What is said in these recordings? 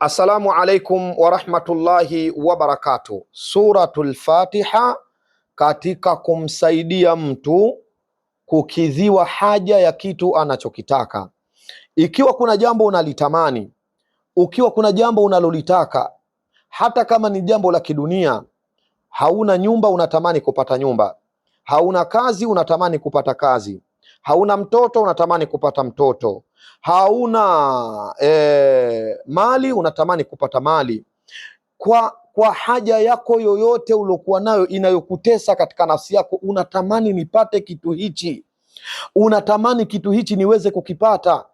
Assalamu alaikum warahmatullahi wabarakatuh. Suratul Fatiha katika kumsaidia mtu kukidhiwa haja ya kitu anachokitaka. Ikiwa kuna jambo unalitamani, ukiwa kuna jambo unalolitaka, hata kama ni jambo la kidunia, hauna nyumba, unatamani kupata nyumba, hauna kazi, unatamani kupata kazi, hauna mtoto, unatamani kupata mtoto, hauna e, mali, unatamani kupata mali, kwa kwa haja yako yoyote uliokuwa nayo inayokutesa katika nafsi yako, unatamani nipate kitu hichi, unatamani kitu hichi niweze kukipata.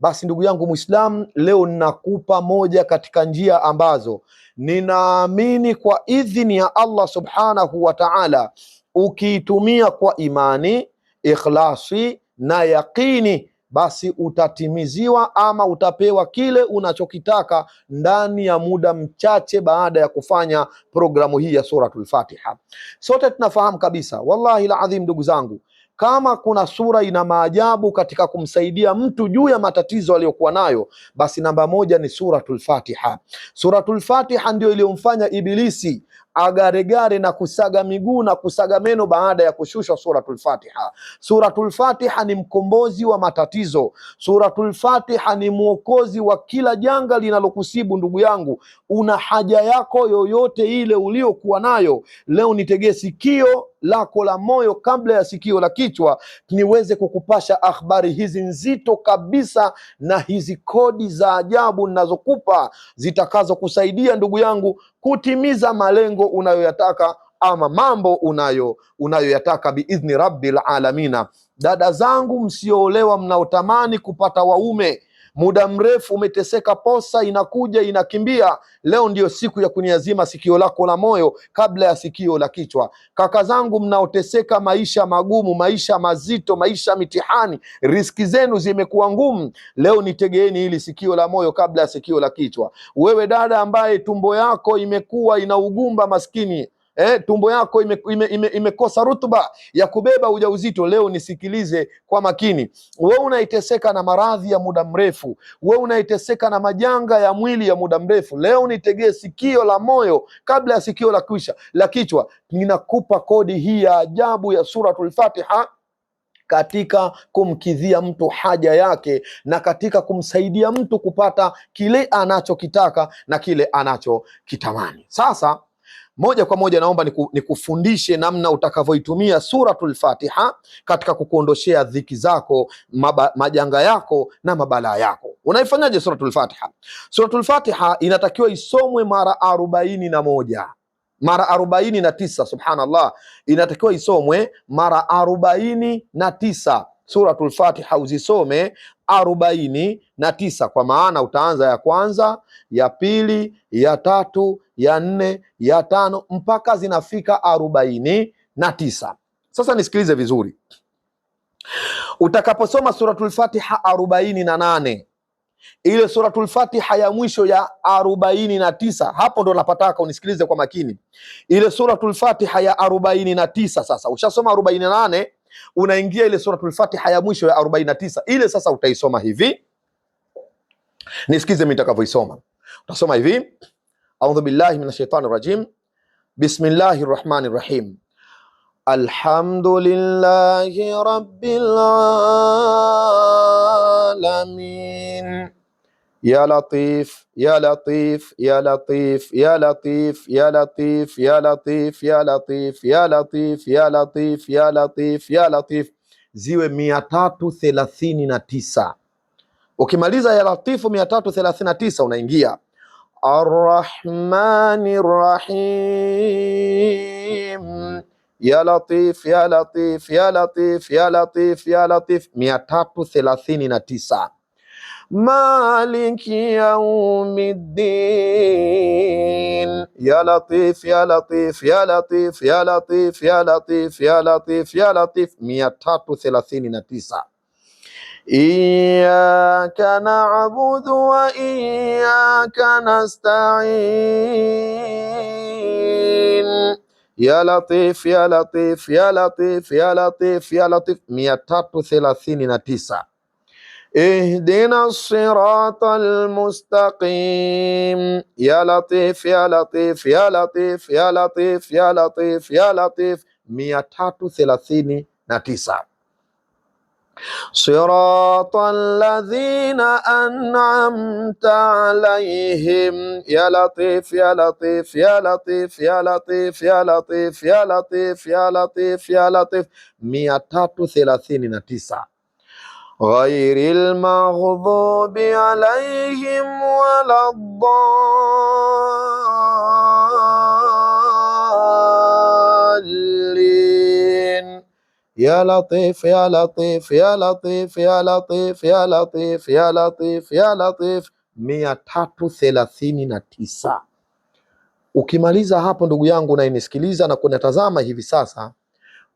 Basi ndugu yangu Muislamu, leo ninakupa moja katika njia ambazo ninaamini kwa idhini ya Allah subhanahu wa ta'ala, ukiitumia kwa imani ikhlasi na yaqini, basi utatimiziwa ama utapewa kile unachokitaka ndani ya muda mchache baada ya kufanya programu hii ya Suratul Fatiha. Sote tunafahamu kabisa, wallahi ladhim, ndugu zangu kama kuna sura ina maajabu katika kumsaidia mtu juu ya matatizo aliyokuwa nayo, basi namba moja ni Suratul Fatiha. Suratul Fatiha ndio iliyomfanya Ibilisi agaregare na kusaga miguu na kusaga meno baada ya kushusha Suratul Fatiha. Suratul Fatiha ni mkombozi wa matatizo. Suratul Fatiha ni mwokozi wa kila janga linalokusibu ndugu yangu. Una haja yako yoyote ile uliokuwa nayo leo, nitegee sikio lako la moyo kabla ya sikio la kichwa, niweze kukupasha habari hizi nzito kabisa na hizi kodi za ajabu ninazokupa zitakazokusaidia ndugu yangu kutimiza malengo unayoyataka ama mambo unayo unayoyataka biidhni rabbil alamina. Dada zangu msioolewa, mnaotamani kupata waume muda mrefu umeteseka, posa inakuja inakimbia. Leo ndiyo siku ya kuniazima sikio lako la moyo kabla ya sikio la kichwa. Kaka zangu mnaoteseka maisha magumu, maisha mazito, maisha mitihani, riski zenu zimekuwa ngumu, leo nitegeeni hili sikio la moyo kabla ya sikio la kichwa. Wewe dada ambaye tumbo yako imekuwa ina ugumba, maskini eh, tumbo yako imekosa ime, ime, ime rutuba ya kubeba ujauzito. Leo nisikilize kwa makini, wewe unaiteseka na maradhi ya muda mrefu, wewe unaiteseka na majanga ya mwili ya muda mrefu, leo nitegee sikio la moyo kabla ya sikio la kisha la kichwa. Ninakupa kodi hii ya ajabu ya Suratul Fatiha katika kumkidhia mtu haja yake na katika kumsaidia mtu kupata kile anachokitaka na kile anachokitamani. Sasa moja kwa moja naomba nikufundishe namna utakavyoitumia Suratul Fatiha katika kukuondoshea dhiki zako, maba, majanga yako na mabalaa yako. Unaifanyaje Suratul Fatiha? Suratul Fatiha inatakiwa isomwe mara arobaini na moja mara arobaini na tisa subhanallah, inatakiwa isomwe mara arobaini na tisa Suratul Fatiha uzisome arobaini na tisa kwa maana utaanza ya kwanza, ya pili, ya tatu, ya nne, ya tano mpaka zinafika arobaini na tisa. Sasa nisikilize vizuri, utakaposoma Suratul Fatiha arobaini na nane ile Suratul Fatiha ya mwisho ya arobaini na tisa hapo ndo napataka unisikilize kwa makini. Ile Suratul Fatiha ya arobaini na tisa sasa ushasoma arobaini na nane unaingia ile suratul Fatiha ya mwisho ya 49 ile sasa utaisoma hivi, nisikize mitakavyoisoma. Utasoma hivi, audhu billahi minash shaitani rajim, bismillahi rahmani rahim, alhamdulillahi rabbil alamin ya latif ya latif ya latif ya latif ya latif ya latif ya latif ya latif ya latif ya latif ya latif ziwe mia tatu thelathini na tisa. Ukimaliza ya latifu mia tatu thelathini na tisa unaingia Arrahmani Rahim. Ya latif ya latif ya latif ya latif ya latif mia tatu thelathini na tisa. مالك يوم الدين يا لطيف يا لطيف يا لطيف يا لطيف يا لطيف يا لطيف يا لطيف 339 إياك نعبد وإياك نستعين يا لطيف يا لطيف يا لطيف يا لطيف يا لطيف 339 اهدنا الصراط المستقيم يا لطيف يا لطيف يا لطيف يا لطيف يا لطيف يا لطيف 339 صراط الذين أنعمت عليهم يا لطيف يا لطيف يا لطيف يا لطيف يا لطيف يا لطيف يا لطيف يا لطيف 339 غير المغضوب عليهم ولا الضالين يا لطيف يا لطيف يا لطيف يا لطيف يا لطيف يا لطيف يا لطيف mia tatu thelathini na tisa. Ukimaliza hapo ndugu yangu unayenisikiliza na kunatazama hivi sasa,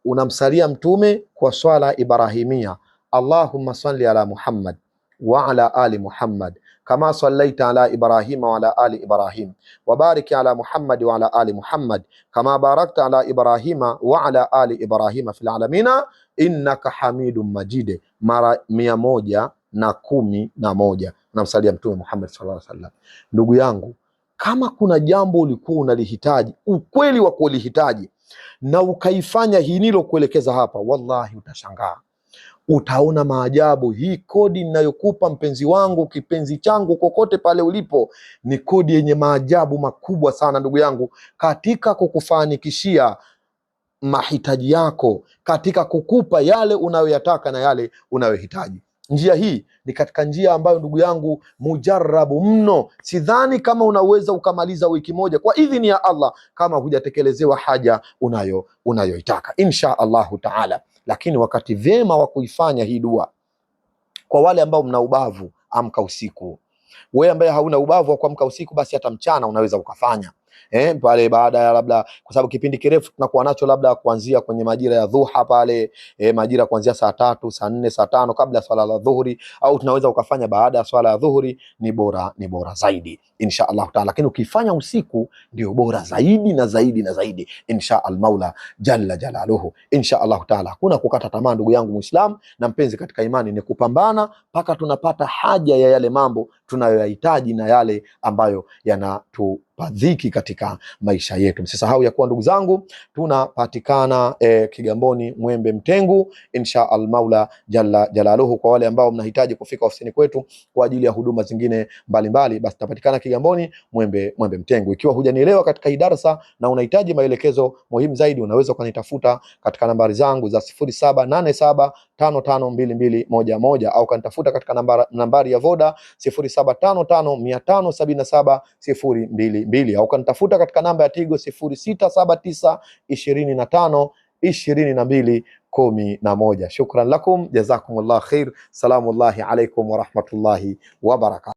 unamsalia Mtume kwa swala Ibrahimia. Allahumma salli ala Muhammad wa ala ali Muhammad kama sallaita ala Ibrahima wa ala ali Ibrahim wa barik ala Muhammad wa ala ali Muhammad kama barakta ala Ibrahima wa ala ali Ibrahima fil alamina innaka hamidum majid, mara mia moja na kumi na moja. Namsalia Mtume Muhammad sallallahu alaihi wasallam. Ndugu yangu, kama kuna jambo ulikuwa unalihitaji ukweli wa kulihitaji na ukaifanya hinilo kuelekeza hapa, wallahi utashangaa utaona maajabu. Hii kodi ninayokupa mpenzi wangu, kipenzi changu, kokote pale ulipo, ni kodi yenye maajabu makubwa sana, ndugu yangu, katika kukufanikishia mahitaji yako, katika kukupa yale unayoyataka na yale unayohitaji. Njia hii ni katika njia ambayo ndugu yangu mujarabu mno. Sidhani kama unaweza ukamaliza wiki moja kwa idhini ya Allah kama hujatekelezewa haja unayo unayoitaka insha Allahu taala lakini wakati vyema wa kuifanya hii dua kwa wale ambao mna ubavu, amka usiku. Wewe ambaye hauna ubavu wa kuamka usiku, basi hata mchana unaweza ukafanya eh, pale baada ya labda, kwa sababu kipindi kirefu tunakuwa nacho labda kuanzia kwenye majira ya dhuha pale, eh, majira kuanzia saa tatu saa nne saa tano kabla ya swala la dhuhuri, au tunaweza ukafanya baada ya swala ya dhuhuri, ni bora ni bora zaidi insha Allah taala, lakini ukifanya usiku ndio bora zaidi na zaidi na zaidi insha almaula jalla jalaluhu insha Allah taala. Hakuna kukata tamaa, ndugu yangu Muislam na mpenzi katika imani, ni kupambana mpaka tunapata haja ya yale mambo tunayoyahitaji na yale ambayo yanatu pa dhiki katika maisha yetu. Msisahau ya kuwa ndugu zangu, tunapatikana e, Kigamboni Mwembe Mtengu, insha almaula jalla jalaluhu. Kwa wale ambao mnahitaji kufika ofisini kwetu kwa ajili ya huduma zingine mbalimbali, basi tunapatikana Kigamboni Mwembe Mwembe Mtengu. Ikiwa hujanielewa katika hii darsa na unahitaji maelekezo muhimu zaidi, unaweza ukanitafuta katika nambari zangu za sifuri saba nane saba tano tano mbili mbili moja moja au kanitafuta katika nambari, nambari ya Voda sifuri saba tano tano mia tano sabini na saba sifuri mbili mbili au kanitafuta katika namba ya Tigo sifuri sita saba tisa ishirini na tano ishirini na mbili kumi na moja. Shukran lakum jazakumullah khair. Salamullahi alaikum warahmatullahi wabarakatu.